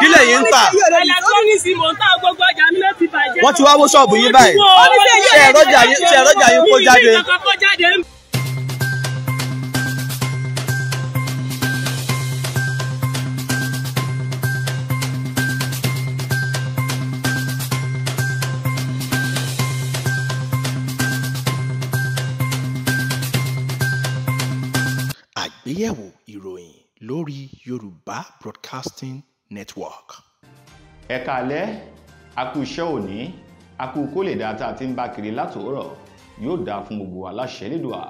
kí lẹ̀yin ń tà. wọ́n ti wá wó ṣọ́ọ̀bù yín báyìí. ṣe ẹ̀rọ́jà yín kó jáde. lórí Yorùbá Broadcasting Network. ẹ káalẹ́ a kú iṣẹ́ òní a kú kó lè dáa tá a ti ń bá kiri látòórọ̀ yóò dáa fún gbogbo wa láṣẹ nídùá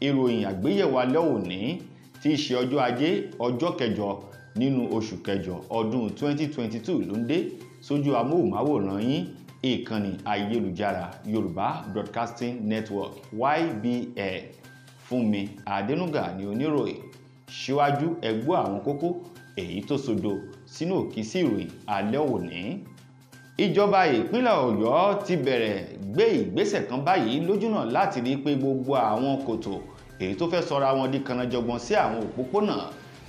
ìròyìn àgbéyẹ̀wò alẹ́ òní tí í ṣe ọjọ́ ajé ọjọ́ kẹjọ nínú oṣù kẹjọ ọdún 2022 ló ń dé sójú amóhùnmáwòrán yín ìkànnì ayélujára Yorùbá Broadcasting Network YBN Fúnmi Adénúgà ni oníròyìn síwájú ẹgbọ́ àwọn kókó èyí tó sodo sínú òkìsí ìròyìn alẹ́ òní. ìjọba ìpínlẹ̀ ọ̀yọ́ ti bẹ̀rẹ̀ gbé ìgbésẹ̀ kan báyìí lójúnà láti rí i pé gbogbo àwọn kòtò èyí tó fẹ́ sọra wọn di kanajọgbọn sí àwọn òpópónà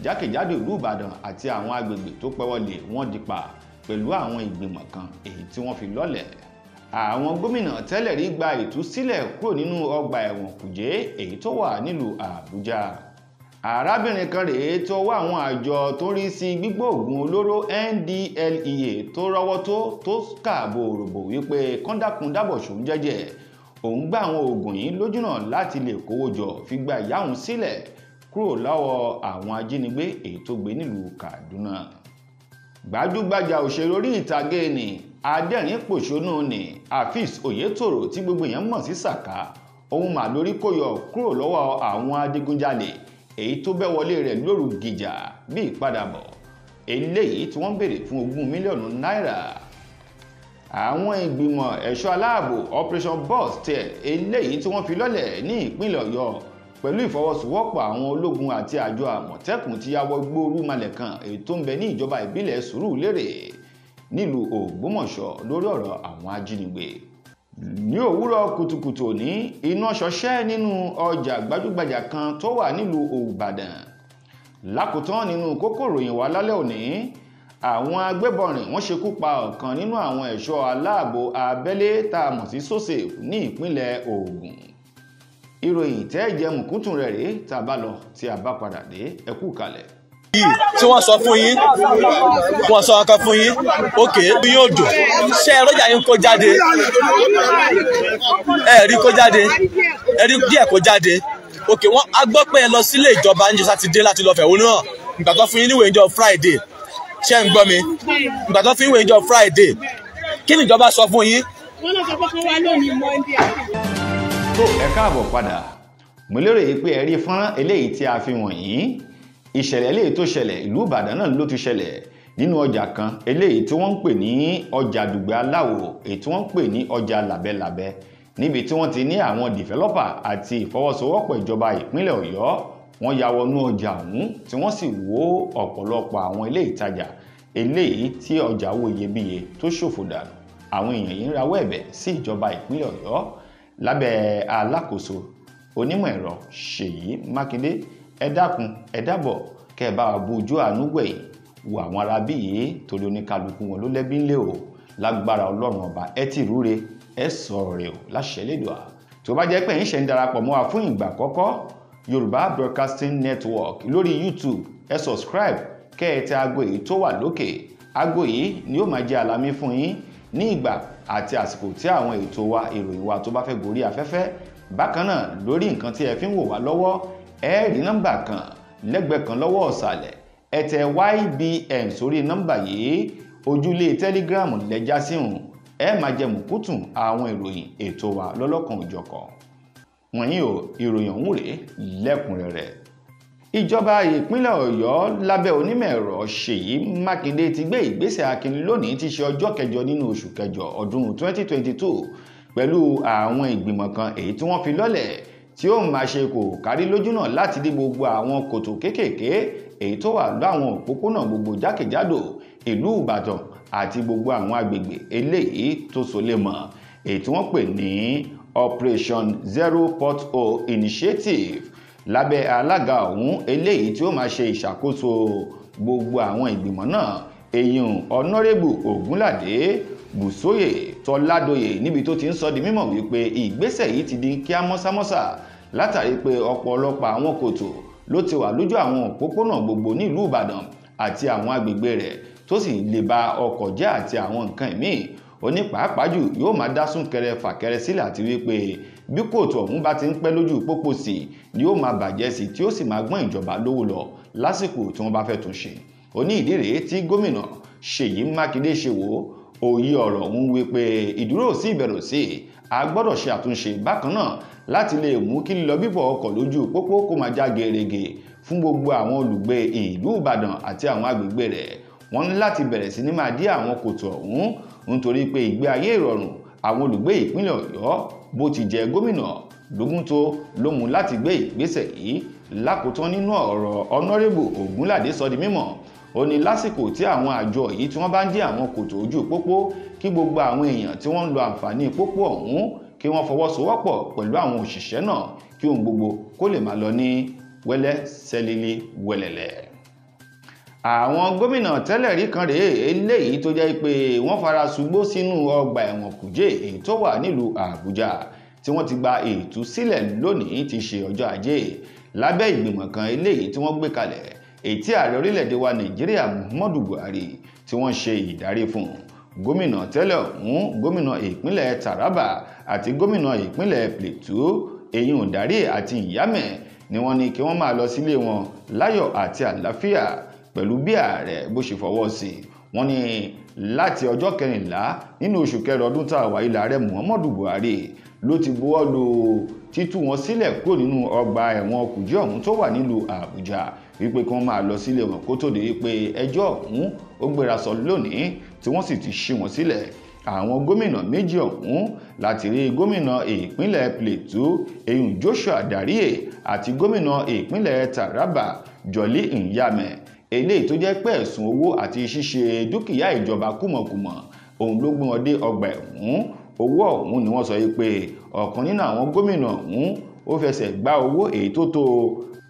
jákèjádò ìlú ìbàdàn àti àwọn agbègbè tó pẹ́wọ́lẹ̀ wọ́n di pa pẹ̀lú àwọn ìgbìmọ̀ kan èyí tí wọ́n fi lọ́lẹ̀ àwọn gómìnà tẹ́lẹ̀ gba ìtúsílẹ̀ kúrò nínú ọgbà ẹ̀wọ̀n kùjé èyí tó wà nílùú àbújá arábìnrin kan rèé tó wá àwọn àjọ tó ń rí sí gbígbó oògùn olóró NDLEA tó rọ́wọ́ tó tó kà bòròbò wípé kọ́ńdàkùndàbọ̀ ṣòun jẹ́jẹ́ òun gba àwọn oògùn yìí lójúnà láti lè kówó jọ fi gba ìyá òun sílẹ̀ kúrò lọ́wọ́ àwọn ajínigbé èyí tó gbé nílùú Kaduna gbajúgbajà òṣèré orí ìtàgé ni adẹ́rìn pòṣónú ni Afeez Oyetoro tí gbogbo èèyàn mọ̀ sí Sàká òun mà lórí kó yọ kúrò lọ́wọ́ àwọn adigunjalè èyí tó bẹ́ wọlé rẹ̀ lóru gìjà bí ìpadàbọ̀ eléyìí tí wọ́n béèrè fún ogún mílíọ̀nù náírà àwọn ìgbìmọ̀ ẹ̀ṣọ́ aláàbò operation boss tẹ eléyìí tí wọ́n fi lọ́lẹ̀ ní ìpínlẹ̀ ọ̀yọ́ pẹ̀lú ìfọwọ́sowọ́pọ̀ àwọn ológun àti àjọ àmọ̀tẹ́kùn ti yàwọ̀ gbóòrú malẹ̀ kan èyí tó ń bẹ ní ìjọba ìbílẹ̀ sùúrù lérè nílùú ògbómọ̀ṣọ́ lórí ọ̀rọ̀ àwọn ajínigbé ní òwúrọ̀ kùtùkùtù òní iná ṣọṣẹ́ nínú ọjà gbajúgbajà kan tó wà nílùú Òbàdàn lákòótán nínú kókó ròyìn wa lálẹ́ òní àwọn agbébọnrìn wọ́n ṣekú pa ọ̀kan nínú àwọn ẹ̀ṣọ́ aláàbò abẹ́lé tá a mọ̀ sí SOSAFE ní ìpínlẹ̀ Ògùn ìròyìn tẹ́ẹ̀jẹ̀ mùkúntùn rẹ̀ rèé tá a bá lọ tí a bá padà dé ẹ kalẹ̀ yìí tí wọ́n sọ fún yín wọ́n sọ ọkàn fún yín òkè bí yóò dùn ṣé ẹ rọ́jà yín kó jáde ẹ rí kó jáde ẹ rí díẹ̀ kó jáde òkè wọ́n á gbọ́ pé ẹ lọ sílé ìjọba níjọ́ sátidé láti lọ fẹ̀hónú hàn ìgbà fún yín níwèé níjọ́ friday ṣé ń gbọ́ mi ìgbà tó fún yín níwèé níjọ́ friday kí ni ìjọba sọ fún yín. wọ́n lọ sọ pé kí wọ́n wá lónìí monday àti. tó ẹ káàbọ̀ padà mo lérò yìí pé ẹ rí fọ́nrán eléyìí tí a fi wọ̀nyí ìṣẹ̀lẹ̀ eléyìí tó ṣẹlẹ̀ ìlú ìbàdàn náà ló ti ṣẹlẹ̀ nínú ọjà kan eléyìí tí wọ́n ń pè ní ọjà dùgbẹ́ aláwò èyí tí wọ́n ń pè ní ọjà làbẹ́làbẹ́ níbi tí wọ́n ti ní àwọn dìfẹ́lọ́pà àti ìfọwọ́sowọ́pọ̀ ìjọba ìpínlẹ̀ ọ̀yọ́ wọ́n ya wọnú ọjà ọ̀hún tí wọ́n sì wó ọ̀pọ̀lọpọ̀ àwọn ilé ìtajà eléyìí tí ọjà owó iyebíye tó ṣòfò dànù àwọn èèyàn yìí ń rawọ́ ẹ̀bẹ̀ sí ìjọba ìpínlẹ̀ ọ̀yọ́ lábẹ́ alákòóso onímọ̀ ẹ̀rọ ṣèyí mákindé ẹ dákun ẹ dábọ̀ kẹ́ ẹ bá wa bu ojú àánú wẹ̀yìn wo àwọn ará bí yìí torí oníkálukú wọn ló lẹ́bí ńlẹ̀ o lágbára ọlọ́run ọba ẹ ti rúre ẹ sọ̀rọ̀ rẹ̀ o láṣẹ lẹ́dọ̀ọ́ tó bá jẹ́ pé ẹ̀yin ṣe ń darapọ̀ mọ́ wa fún ìgbà àkọ́kọ́ yorùbá broadcasting network lórí youtube ẹ subscribe kẹ́ ẹ tẹ aago yìí tó wà lókè aago yìí ni yóò máa jẹ́ àlàmì fún yín ní ìgbà àti àsìkò tí àwọn ètò wa ìròyìn wa tó bá fẹ́ gorí afẹ́fẹ́ bákan náà lórí nǹkan tí ẹ fi ń wò wá lọ́wọ́ ẹ rí kan lẹ́gbẹ̀ẹ́ kan lọ́wọ́ ọ̀sàlẹ̀ ẹ ybm sórí nọ́mbà yìí ojúlé telegram lẹ́já síhùn ẹ máa jẹ mùkútù àwọn ìròyìn ètò wa lọ́lọ́kan òjọ̀kan wọ̀nyí o ìròyìn ọ̀hún rèé lẹ́kùnrẹ́rẹ́ ìjọba ìpínlẹ̀ ọ̀yọ́ lábẹ́ onímọ̀ ẹ̀rọ ṣèyí mákindé ti gbé ìgbésẹ̀ akin lónìí ti ṣe ọjọ́ kẹjọ nínú oṣù kẹjọ ọdún 2022 pẹ̀lú àwọn ìgbìmọ̀ kan èyí tí wọ́n fi lọ́lẹ̀ tí ó máa ṣe kò kárí lójú náà láti dé gbogbo àwọn kòtò kéékèèké èyí tó wà láwọn òpópónà gbogbo jákèjádò ìlú Ìbàdàn àti gbogbo àwọn agbègbè eléyìí tó so lè mọ̀ èyí tí wọ́n pè ní Operation Zero Port Pothole Initiative lábẹ́ alága ọ̀hún eléyìí tí ó máa ṣe ìṣàkóso gbogbo àwọn ìgbìmọ̀ náà èyàn ọ̀nàrẹ́bù Ògúnládé Bùsóyè Tọ́ládòyè níbi tó ti ń sọ di mímọ̀ wípé ìgbésẹ̀ yìí ti di kíá mọ́sámọ́sá látàrí pé ọ̀pọ̀lọpọ̀ àwọn kòtò ló ti wà lójú àwọn òpópónà gbogbo nílùú Ìbàdàn àti àwọn agbègbè rẹ̀ tó sì lè ba ọkọ̀ jẹ́ àti àwọn nǹkan míì onípàápàájù yóò máa dá súnkẹrẹ fàkẹrẹ sílẹ̀ àti wípé bí kòtò ọ̀hún bá ti ń pẹ́ lójú pópó sí ni yóò máa bàjẹ́ sí tí ó sì máa gbọ́n ìjọba lówó lọ lásìkò tí wọ́n bá fẹ́ tún ṣe ó ní ìdí rèé tí gómìnà Ṣèyí Mákindé ṣe wò ó òye ọ̀rọ̀ ń wí pé ìdúró sí ìbẹ̀rù sí a gbọ́dọ̀ ṣe àtúnṣe bákan náà láti lè mú kí lílọ bíbọ̀ ọkọ̀ lójú pópó kó máa já gerege fún gbogbo àwọn olùgbé ìlú Ìbàdàn àti àwọn agbègbè rẹ̀ wọ́n ní láti bẹ̀rẹ̀ sí ní máa dí àwọn kòtò ọ̀hún nítorí pé ìgbé ayé ìrọ̀rùn àwọn olùgbé ìpínlẹ̀ Ọ̀yọ́ bó ti jẹ gómìnà Lógúntó ló mú láti gbé ìgbésẹ̀ yìí lákòótán nínú ọ̀rọ̀ Honorable Ogunlade sọ di mímọ̀ ó ní lásìkò tí àwọn àjọ yìí tí wọ́n bá ń dí àwọn kòtò ojú pópó kí gbogbo àwọn èèyàn tí wọ́n ń lo àǹfààní pópó ọ̀hún kí wọ́n fọwọ́sowọ́pọ̀ pẹ̀lú àwọn òṣìṣẹ́ náà kí ohun gbogbo kó lè máa lọ ní wẹ́lẹ́ sẹ́lílí wẹ́lẹ́lẹ́ àwọn gómìnà tẹ́lẹ̀ rí kan rèé eléyìí tó jẹ́ pé wọ́n fara ṣùgbó sínú ọgbà ẹ̀wọ̀n kùjé èyí tó wà nílùú àbújá tí wọ́n ti gba ìtúsílẹ̀ lónìí ti ṣe ọjọ́ ajé lábẹ́ ìgbìmọ̀ kan eléyìí tí wọ́n gbé kalẹ̀ èyí tí ààrẹ orílẹ̀-èdè wa nàìjíríà muhammadu buhari tí wọ́n ṣe ìdarí fún gómìnà tẹ́lẹ̀ ọ̀hún gómìnà ìpínlẹ̀ taraba àti gómìnà ìpínlẹ̀ plateau èyí òǹdarí àti ìyámẹ̀ ni wọ́n ní kí wọ́n máa lọ sílé wọn láyọ̀ àti àlàáfíà pẹ̀lú bí ààrẹ bó ṣe fọwọ́ sí i wọ́n ní láti ọjọ́ kẹrìnlá nínú oṣù kẹrin ọdún tá a wà ilẹ̀ muhammadu buhari ló ti buwọ́ lu títú wọn sílẹ̀ kúrò nínú ọgbà ẹ̀wọ̀n kùjẹ́ ọ̀hún tó wà nílùú àbújá wípé kí wọ́n máa lọ sílé wọn kó tó di wípé ẹjọ́ ọ̀hún ó gbéra sọ lónìí tí wọ́n sì ti ṣí wọn sílẹ̀ àwọn gómìnà méjì ọ̀hún láti rí gómìnà ìpínlẹ̀ Plateau eyín Joshua Dariye àti gómìnà ìpínlẹ̀ Taraba Jolly Nyame eléyìí tó jẹ́ pé ẹ̀sùn owó àti ṣíṣe dúkìá ìjọba kùmọ̀kùmọ̀ òun ló gbé wọn dé ọgbà ẹ̀wọ̀n owó ọ̀hún ni wọ́n sọ yìí pé ọ̀kan nínú àwọn gómìnà ọ̀hún ó fẹsẹ̀ gba owó èyí tó tó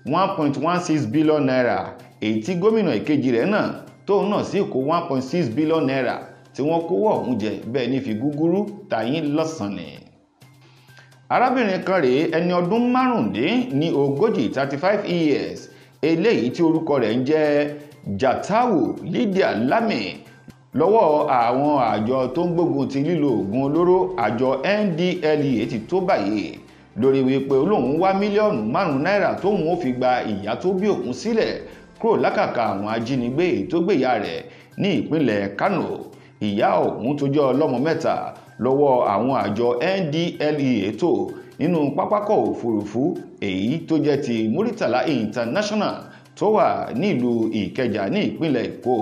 one point one six billion naira èyí tí gómìnà ìkejì rẹ̀ náà tóun náà sì kó one point six billion naira tí wọ́n kówó ọ̀hún jẹ bẹ́ẹ̀ ní fi gúgúrú tàyín lọ́sàn-án arábìnrin kan rèé ẹni ọdún márùndín ní ogójì thirty five years eléyìí tí orúkọ rẹ̀ ń jẹ́ Jatawu Lydia Lami lọ́wọ́ àwọn àjọ tó ń gbógun ti lílo oògùn olóró àjọ NDLEA ti tó báyìí lórí wípé olóhùn wá mílíọ̀nù márùn-ún náírà tóun ó fi gba ìyá tó bí òun sílẹ̀ kúrò lákàkà àwọn ajínigbé tó gbéyà rẹ̀ ní ìpínlẹ̀ Kano ìyá ọ̀hún tó jẹ́ ọlọ́mọ mẹ́ta lọ́wọ́ àwọn àjọ NDLEA tó nínú pápákọ̀ òfurufú èyí tó jẹ́ ti Muritala International tó wà nílùú Ìkẹjà ní ìpínlẹ̀ Èkó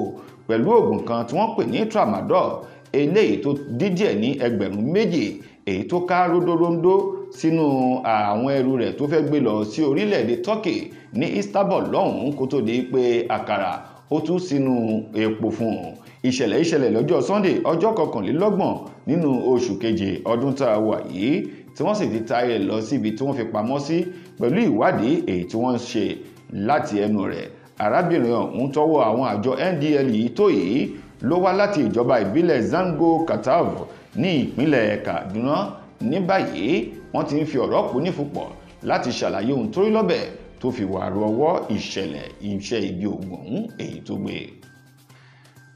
pẹ̀lú oògùn kan tí wọ́n pè ní tramadol eléyìí tó dídíẹ̀ ní ẹgbẹ̀rún méjì èyí tó ká ródóróńdó sínú àwọn ẹrù rẹ̀ tó fẹ́ gbé lọ sí orílẹ̀-èdè Turkey ní Istanbul lọ́hùn-ún kó tó di pé àkàrà ó tú sínú epo fún un ìṣẹ̀lẹ̀ ìṣẹ̀lẹ̀ lọ́jọ́ Sunday ọjọ́ kọkànlélọ́gbọ̀n nínú oṣù keje ọdún tá a wà yìí tí wọ́n sì ti taari ẹ̀ lọ síbi tí wọ́n fi pamọ́ sí pẹ̀lú ìwádìí èyí tí wọ́n ń ṣe láti ẹnu rẹ̀ arábìnrin ọ̀hún tọ́wọ́ àwọn àjọ NDL yìí tó yìí ló wá láti ìjọba ìbílẹ̀ Zango Katav ní ìpínlẹ̀ Kaduna ní báyìí wọ́n ti ń fi ọ̀rọ̀ pò nífupọ̀ láti ṣàlàyé ohun tó rí lọ́bẹ̀ tó fi wà ru ọwọ́ ìṣẹ̀lẹ̀ iṣẹ́ ibi ògùn ọ̀hún èyí tó gbé e.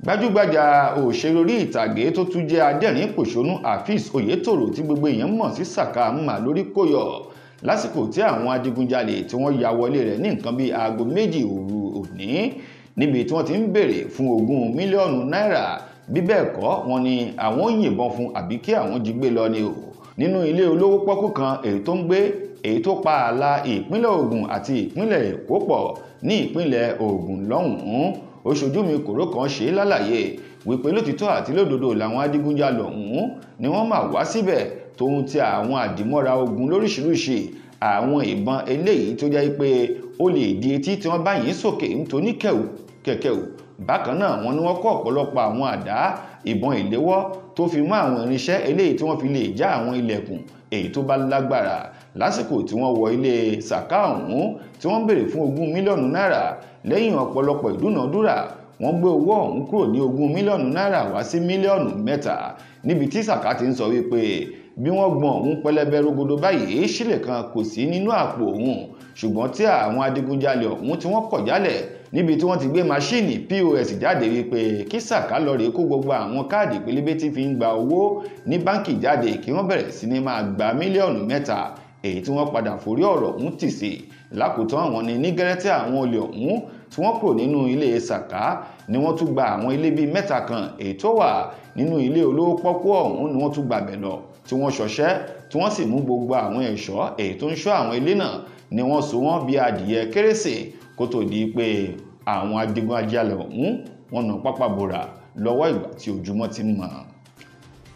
gbajúgbajà òṣèré orí ìtàgé tó tún jẹ́ adẹ́rìn pòṣónú Afeez Oyetoro tí gbogbo èèyàn mọ̀ sí Saka mà lórí kò yọ lásìkò tí àwọn adigunjalè tí wọ́n ya wọlé rẹ̀ ní nǹkan bíi aago méjì òru òní níbi tí wọ́n ti ń béèrè fún ogún mílíọ̀nù náírà bí bẹ́ẹ̀ kọ́ wọ́n ní yìnbọn fún àbí kí àwọn jí gbé lọ ni o nínú ilé olówó pọ́kú kan èyí tó ń gbé èyí tó pa ààlà ìpínlẹ̀ Ògùn àti ìpínlẹ̀ Èkó pọ̀ ní ìpínlẹ̀ Ògùn lọ́hùn-ún oṣojú mi kòró kan ṣe lálàyé wípé lótìtọ́ àti lódodo làwọn adigunjalè ọ̀hún ni wọ́n máa wá síbẹ̀ tóun ti àwọn àdìmọ́ra ogun lóríṣiríṣi àwọn ìbọn eléyìí tó jẹ́ pé ó lè di etí tí wọ́n bá yìn sókè nítorí kẹ̀kẹ́ bákan náà wọ́n ní wọ́n kó ọ̀pọ̀lọpọ̀ àwọn àdá ìbọn ìléwọ́ tó fi mọ́ àwọn irinṣẹ́ eléyìí tí wọ́n fi lè já àwọn ilẹ̀kùn èyí tó bá lágbára lásìkò tí wọ́n wọ ilé saka ọ̀hún tí wọ́n béèrè fún ogún mílíọ̀nù náírà lẹ́yìn ọ̀pọ̀lọpọ̀ ìdúnàádúrà wọ́n gbé owó ọ̀hún kúrò ní ogún mílíọ̀nù náírà wá sí mílíọ̀nù mẹ́ta níbi tí saka ti ń sọ wípé bí wọ́n gbọ́n òun pẹlẹbẹ rogodo báyìí sílẹ̀ kan kò sí nínú àpò òun ṣùgbọ́n tí àwọn adigunjalè ọ̀hún tí wọ́n kọ̀ jálẹ̀ níbi tí wọ́n ti gbé máṣíìnì pos jáde wípé kí sàká lọ rèé kó gbogbo àwọn káàdì pélébé tí fi ń gba owó ní báǹkì jáde kí wọ́n bẹ̀rẹ̀ sí ní máa gba mílíọ̀nù mẹ́ta èyí tí wọ́n padà forí ọ̀rọ̀ ọ̀hún tì sí lákòótán àwọn ni ní gẹ́rẹ́tẹ́ àwọn olè ọ̀hún tí wọ́n kúrò nínú ilé sàká ni wọ́n tún gba àwọn ilé bíi mẹ́ta kan èyí tó wà nínú ilé olówó pọ́kú ọ̀hún ni wọ́n tún gbàbẹ̀ lọ tí wọ́n ṣọṣẹ́ tí wọ́n sì mú gbogbo àwọn ẹ̀ṣọ́ èyí tó ń ṣọ́ àwọn ilé náà ni wọ́n so wọ́n bí adìyẹ kérésì kó tó di pé àwọn adigunjalè ọ̀hún hmm, wọn nà pápá bora lọ́wọ́ ìgbà tí ojúmọ́ ti mọ́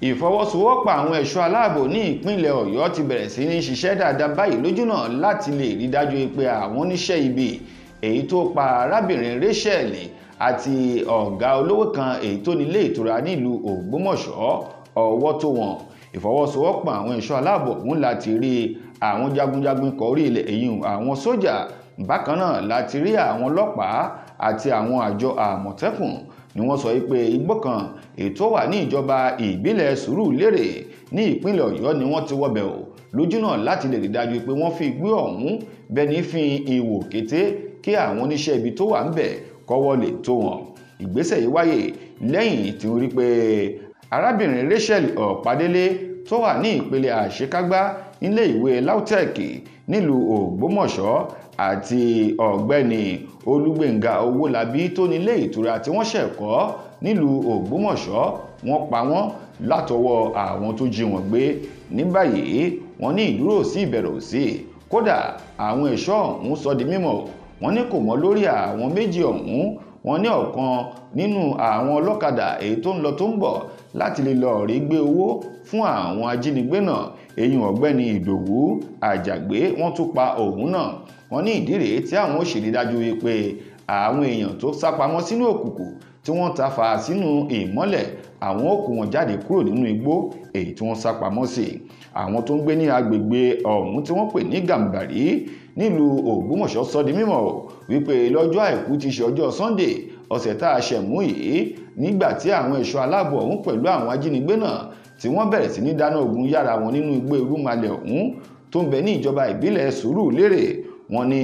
ìfọwọ́sowọ́pọ̀ àwọn ẹ̀ṣọ́ aláàbò ní ìpínlẹ̀ ọ̀yọ́ ti bẹ̀rẹ̀ sí ní ṣiṣẹ́ dáadáa báyìí lójúnà láti lè rí dájú pé àwọn oníṣẹ́ ibi èyí tó pa arábìnrin rachel àti ọ̀gá olówó kan èyí tó nílé ìtura nílùú ògbómọ̀ṣọ́ ọwọ́ tó wọn ìfọwọ́sowọ́pọ̀ àwọn ẹ̀ṣọ́ aláàbò ọ̀hún láti rí àwọn jagunjagun kọrí ilẹ̀ èyí àwọn sójà bákan náà láti rí àwọn ọlọ́pàá àti àwọn àjọ àmọ̀tẹ́kùn ni wọ́n sọ pé igbó kan ètò wà ní ìjọba ìbílẹ̀ Sùúrùlérè ní ìpínlẹ̀ Ọ̀yọ́ ni wọ́n ti wọbẹ̀ o lójúnà láti lè rí dájú pé wọ́n fi igbó ọ̀hún bẹni fi ìwò kété kí àwọn oníṣẹ́ ibi tó wà ń bẹ̀ kọ́wọ́ lè tó wọn ìgbésẹ̀ yìí wáyé lẹ́yìn tí ó rí pé arábìnrin Rachel Ọ̀pádélé tó wà ní ìpele àṣekágbá nílé ìwé LAUTECH nílùú Ògbómọ̀ṣọ́ àti ọ̀gbẹ́ni olúgbénga owólabí tó nílé ìtura tí wọ́n ṣẹ̀ kọ́ nílùú ògbómọ̀ṣọ́ wọ́n pa wọ́n látọwọ́ àwọn tó jí wọn gbé ní báyìí wọ́n ní ìdúró sí ìbẹ̀rẹ̀ òsì kódà àwọn ẹ̀ṣọ́ ọ̀hún sọ di mímọ̀ wọ́n ní kò mọ́ lórí àwọn méjì ọ̀hún wọ́n ní ọ̀kan nínú àwọn ọlọ́kadà èyí tó ń lọ tó ń bọ̀ láti lè lọ́ọ́ rí gbé owó fún àwọn ajínigbé náà eyín ọ̀gbẹ́ni ìdòwú àjàgbé wọ́n tún pa òun náà wọ́n ní ìdí rèé tí àwọn òṣèré dájú wípé àwọn èèyàn tó sápamọ́ sínú òkùnkùn tí wọ́n ta fà sínú ìmọ́lẹ̀ àwọn ó kó wọn jáde kúrò nínú igbó èyí tí wọ́n sápamọ́ sí àwọn tó ń gbé ní agbègbè ọ̀hún tí wọ́n pè ní gàmbàrí nílùú Ògbómọ̀ṣọ́ sọ di mímọ̀ wípé lọ́jọ́ àìkú ti ṣe ọjọ́ Sunday ọ̀sẹ̀ tá a ṣẹ̀mú yìí nígbà tí àwọn ẹ̀ṣọ́ aláàbò ọ̀hún pẹ̀lú àwọn ajínigbé náà tí wọ́n bẹ̀rẹ̀ sí ní dáná ogun yára wọn nínú igbó irúnmalẹ̀ ọ̀hún tó ń bẹ ní ìjọba ìbílẹ̀ sùúrù lérè wọ́n ní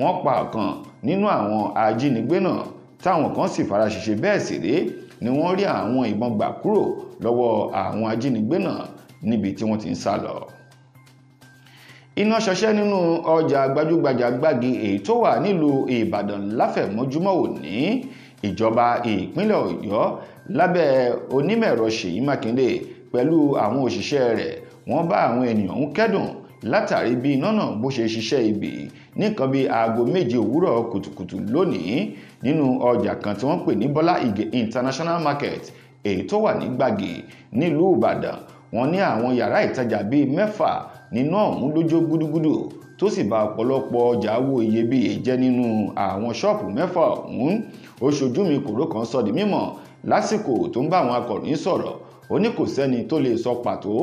wọ́n pa ọ̀kan nínú àwọn ajínigbé náà táwọn kan sì fara ṣèṣe bẹ́ẹ̀ sì rèé ni wọ́n rí àwọn ìbọn gbà kúrò lọ́wọ́ àwọn ajínigbé náà níbi tí wọ́n ti ń sá lọ. iná ṣọṣẹ́ nínú ọjà gbajúgbajà gbági èyí tó wà nílùú ìbàdàn láfẹ̀mọ́júmọ́ òní ìjọba ìpínlẹ̀ ọ̀yọ́ lábẹ́ onímọ̀ẹ̀rọ Ṣèyí Mákindé pẹ̀lú àwọn òṣìṣẹ́ rẹ̀ wọ́n bá àwọn ènìyàn ń kẹ́dùn látàrí bí iná náà bó ṣe ṣiṣẹ́ ibì ní nǹkan bíi aago méje òwúrọ̀ kùtùkùtù lónìí nínú ọjà kan tí wọ́n pè ní Bọ́lá Ìgè International Market èyí tó wà ní Gbàgì nílùú Ìbàdàn wọ́n ní àwọn yàrá ìtajà bíi mẹ́fà nínú ọ̀hún lójó gúdúgúdú tó sì bà ọ̀pọ̀lọpọ̀ ọjà owó iyebíye jẹ́ nínú àwọn ṣọ́ọ̀pù mẹ́fà ọ̀hún ó ṣojú mi kòró kan sọ di mímọ̀ lásìkò tó ń bá àwọn akọ̀ròyìn sọ̀rọ̀ ó ní kò sẹ́ni tó lè sọ pàtó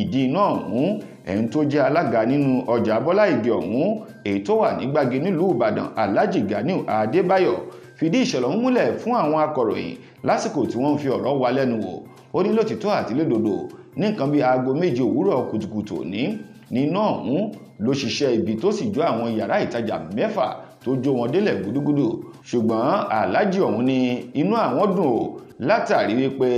ìdí iná ọ̀hún ẹ̀hún tó jẹ́ alága nínú ọjà Bọ́lá Ìgè ọ̀hún èyí tó wà ní Gbági nílùú Ìbàdàn Alhaji Ganiu Adébáyọ̀ fìdí ìṣẹ̀lẹ̀ ọ̀hún múlẹ̀ fún àwọn akọ̀ròyìn lásìkò tí wọ́n ń fi ọ̀rọ̀ wa lẹ́nu wò ó ní lótìtọ́ àti lódodo ní nǹkan bíi aago méje òwúrọ̀ kùtùkùtù òní ní iná ọ̀hún ló ṣiṣẹ́ ibi tó sì jó àwọn yàrá ìtajà mẹ́fà tó jó wọn délẹ̀ gúdúgúdú ṣùgbọ́n aláàjì ọ̀hún ní inú àwọn dùn ó látàrí wípé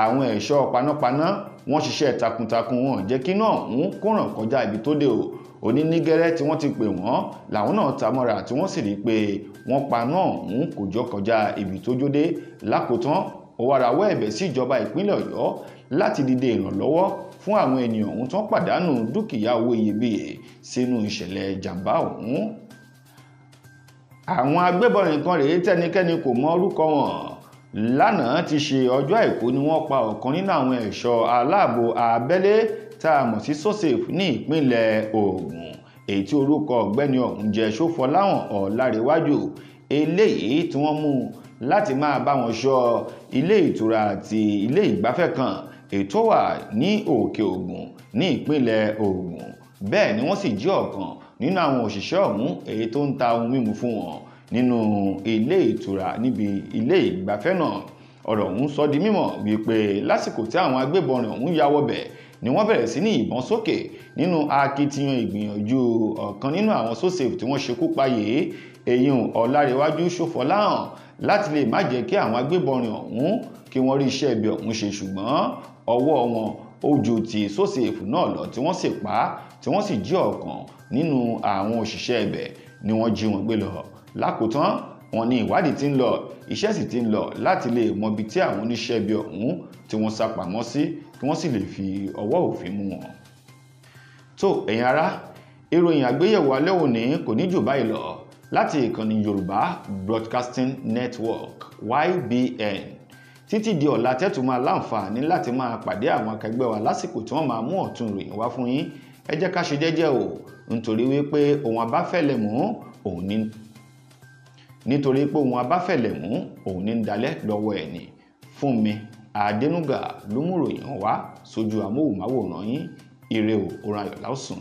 àwọn ẹ̀ṣọ́ panápaná wọ́n ṣiṣẹ́ takuntakun wọn jẹ́ kí náà ń kóràn kọjá ibi tó dé o onínígẹ́rẹ́ tí wọ́n ti pè wọ́n làwọn náà ta mọ́ra tí wọ́n sì rí i pé wọ́n pa náà ń kòjọ́ kọjá ibi tó jóde lákòótán ó wá ẹ̀bẹ̀ sí ìjọba ìpínlẹ̀ ọ̀yọ́ láti dìde ìrànlọ́wọ́ fún àwọn ènìyàn ọ̀hún tó ń pàdánù dúkìá owó iyebíye sínú ìṣẹ̀lẹ̀ jàǹbá ọ̀hún àwọn agbébọn nìkan rèé tẹ́nikẹ́ni kò mọ orúkọ wọn lánàá ti ṣe ọjọ́ àìkú ni wọ́n pa ọ̀kan nínú àwọn ẹ̀ṣọ́ aláàbò abẹ́lé tá a mọ̀ sí sosef ní ìpínlẹ̀ Ògùn èyí tí orúkọ ọ̀gbẹ́ni ọ̀hún jẹ́ Ṣófọláhàn Ọ̀lárẹ̀wájú eléyìí tí wọ́n mú láti máa bá wọn ṣọ́ ilé ìtura àti ilé ìgbafẹ́ kan èyí wà ní Òkè Ògùn ní ìpínlẹ̀ Ògùn bẹ́ẹ̀ ni wọ́n sì jí ọ̀kan nínú àwọn òṣìṣẹ́ ọ̀hún èyí tó ń ta ohun mímu fún wọn nínú ilé ìtura níbi ilé ìgbafẹ́ náà ọ̀rọ̀ ọ̀hún sọ di mímọ̀ wípé lásìkò tí àwọn agbébọn rẹ̀ ọ̀hún ya wọbẹ̀ ni wọ́n bẹ̀rẹ̀ sí ní ìbọn sókè nínú akitiyan ìgbìyànjú ọ̀kan nínú àwọn sosafe tí wọ́n ṣekú payé èyun ọ̀làríwájú ṣòfọláhàn láti lè má jẹ́ kí àwọn agbébọn rẹ̀ ọ̀hún kí wọ́n rí iṣẹ́ ibi ọ̀hún ṣe ṣùgbọ́n ọwọ́ wọn ó ti Sosafe náà lọ tí wọ́n sì pa á tí wọ́n sì jí ọ̀kan nínú àwọn òṣìṣẹ́ ibẹ̀ ni wọ́n jí wọn gbé lọ lákòótán wọ́n ní ìwádìí ti ń lọ iṣẹ́ sì ti ń lọ láti lè mọ ibi tí àwọn oníṣẹ́ ibi ọ̀hún tí wọ́n sá pamọ́ sí kí wọ́n sì lè fi ọwọ́ òfin mú wọn. tó ẹ̀yin ará ìròyìn àgbéyẹ̀wò alẹ́ òní kò ní jù báyìí lọ láti ìkànnì Yorùbá Broadcasting Network YBN títí di ọ̀la tẹ́tù máa láǹfààní láti máa pàdé àwọn akẹgbẹ́ wa lásìkò tí wọ́n máa mú ọ̀tun ròyìn wá fún yín ẹ jẹ́ ká ṣe jẹ́jẹ́ o nítorí wípé òun abáfẹ́lẹ̀ mú òun ní nítorí pé òun abáfẹ́lẹ̀ mú òun ní dalẹ̀ lọ́wọ́ ẹ̀ ní fún mi àdénúgà ló mú ròyìn wá sójú amóhùnmáwòrán yín ire o oran ayọ̀ lásùn.